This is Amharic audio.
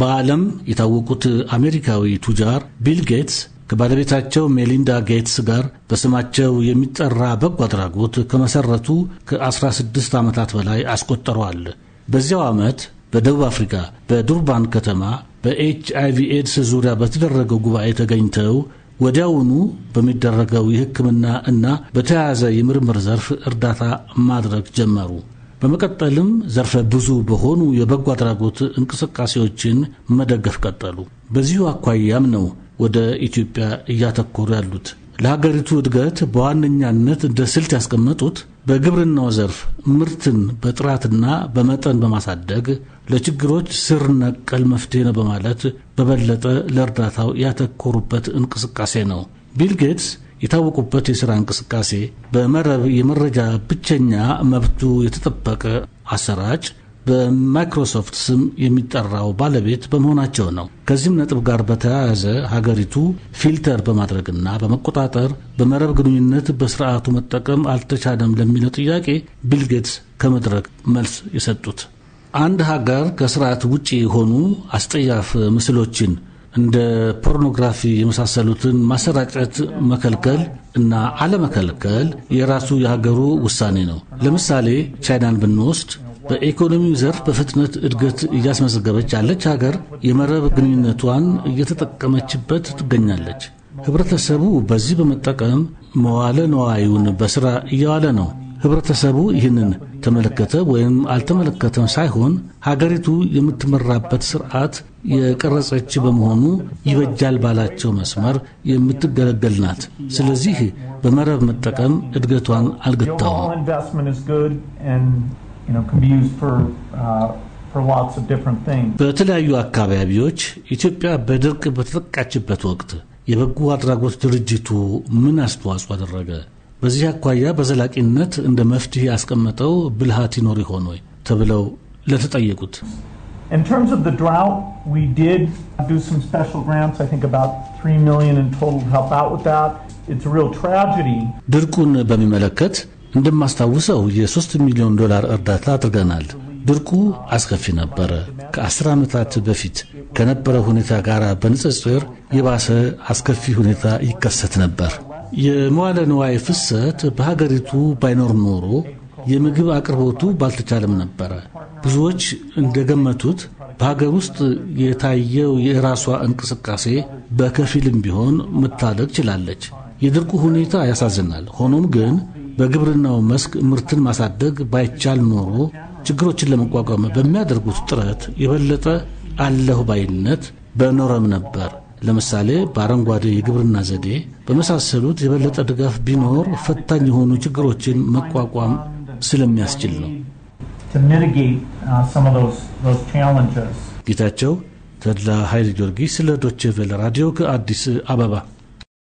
በዓለም የታወቁት አሜሪካዊ ቱጃር ቢል ጌትስ ከባለቤታቸው ሜሊንዳ ጌትስ ጋር በስማቸው የሚጠራ በጎ አድራጎት ከመሰረቱ ከ16 ዓመታት በላይ አስቆጠረዋል። በዚያው ዓመት በደቡብ አፍሪካ በዱርባን ከተማ በኤች አይቪ ኤድስ ዙሪያ በተደረገው ጉባኤ ተገኝተው ወዲያውኑ በሚደረገው የሕክምና እና በተያያዘ የምርምር ዘርፍ እርዳታ ማድረግ ጀመሩ። በመቀጠልም ዘርፈ ብዙ በሆኑ የበጎ አድራጎት እንቅስቃሴዎችን መደገፍ ቀጠሉ። በዚሁ አኳያም ነው ወደ ኢትዮጵያ እያተኮሩ ያሉት። ለሀገሪቱ እድገት በዋነኛነት እንደ ስልት ያስቀመጡት በግብርናው ዘርፍ ምርትን በጥራትና በመጠን በማሳደግ ለችግሮች ስር ነቀል መፍትሄ ነው በማለት በበለጠ ለእርዳታው ያተኮሩበት እንቅስቃሴ ነው። ቢል ጌትስ የታወቁበት የሥራ እንቅስቃሴ በመረብ የመረጃ ብቸኛ መብቱ የተጠበቀ አሰራጭ በማይክሮሶፍት ስም የሚጠራው ባለቤት በመሆናቸው ነው። ከዚህም ነጥብ ጋር በተያያዘ ሀገሪቱ ፊልተር በማድረግና በመቆጣጠር በመረብ ግንኙነት በስርዓቱ መጠቀም አልተቻለም ለሚለው ጥያቄ ቢልጌትስ ከመድረክ መልስ የሰጡት አንድ ሀገር ከስርዓት ውጪ የሆኑ አስጠያፍ ምስሎችን እንደ ፖርኖግራፊ የመሳሰሉትን ማሰራጨት መከልከል እና አለመከልከል የራሱ የሀገሩ ውሳኔ ነው። ለምሳሌ ቻይናን ብንወስድ በኢኮኖሚው ዘርፍ በፍጥነት እድገት እያስመዘገበች ያለች ሀገር የመረብ ግንኙነቷን እየተጠቀመችበት ትገኛለች። ህብረተሰቡ በዚህ በመጠቀም መዋለ ነዋዩን በስራ እየዋለ ነው። ህብረተሰቡ ይህንን ተመለከተ ወይም አልተመለከተም ሳይሆን ሀገሪቱ የምትመራበት ስርዓት የቀረጸች በመሆኑ ይበጃል ባላቸው መስመር የምትገለገል ናት። ስለዚህ በመረብ መጠቀም እድገቷን አልገታውም። uh, በተለያዩ አካባቢዎች ኢትዮጵያ በድርቅ በተጠቃችበት ወቅት የበጎ አድራጎት ድርጅቱ ምን አስተዋጽኦ አደረገ? በዚህ አኳያ በዘላቂነት እንደ መፍትሄ ያስቀመጠው ብልሃት ይኖር ይሆን ወይ ተብለው ለተጠየቁት In terms of the drought, we did do some special grants, I think about three million in total to help out with that. It's a real tragedy. ድርቁን በሚመለከት እንደማስታውሰው የሶስት ሚሊዮን ዶላር እርዳታ አድርገናል። ድርቁ አስከፊ ነበረ። ከአስር ዓመታት በፊት ከነበረ ሁኔታ ጋር በንጽጽር የባሰ አስከፊ ሁኔታ ይከሰት ነበር። የመዋለ ንዋይ ፍሰት በሀገሪቱ ባይኖር ኖሮ የምግብ አቅርቦቱ ባልተቻለም ነበረ። ብዙዎች እንደገመቱት በሀገር ውስጥ የታየው የራሷ እንቅስቃሴ በከፊልም ቢሆን መታደግ ችላለች። የድርቁ ሁኔታ ያሳዝናል። ሆኖም ግን በግብርናው መስክ ምርትን ማሳደግ ባይቻል ኖሮ ችግሮችን ለመቋቋም በሚያደርጉት ጥረት የበለጠ አለሁ ባይነት በኖረም ነበር። ለምሳሌ በአረንጓዴ የግብርና ዘዴ በመሳሰሉት የበለጠ ድጋፍ ቢኖር ፈታኝ የሆኑ ችግሮችን መቋቋም ስለሚያስችል ነው። Uh, ጌታቸው ተድላ ኃይል ጊዮርጊስ ለዶቼ ራዲዮ ከአዲስ አበባ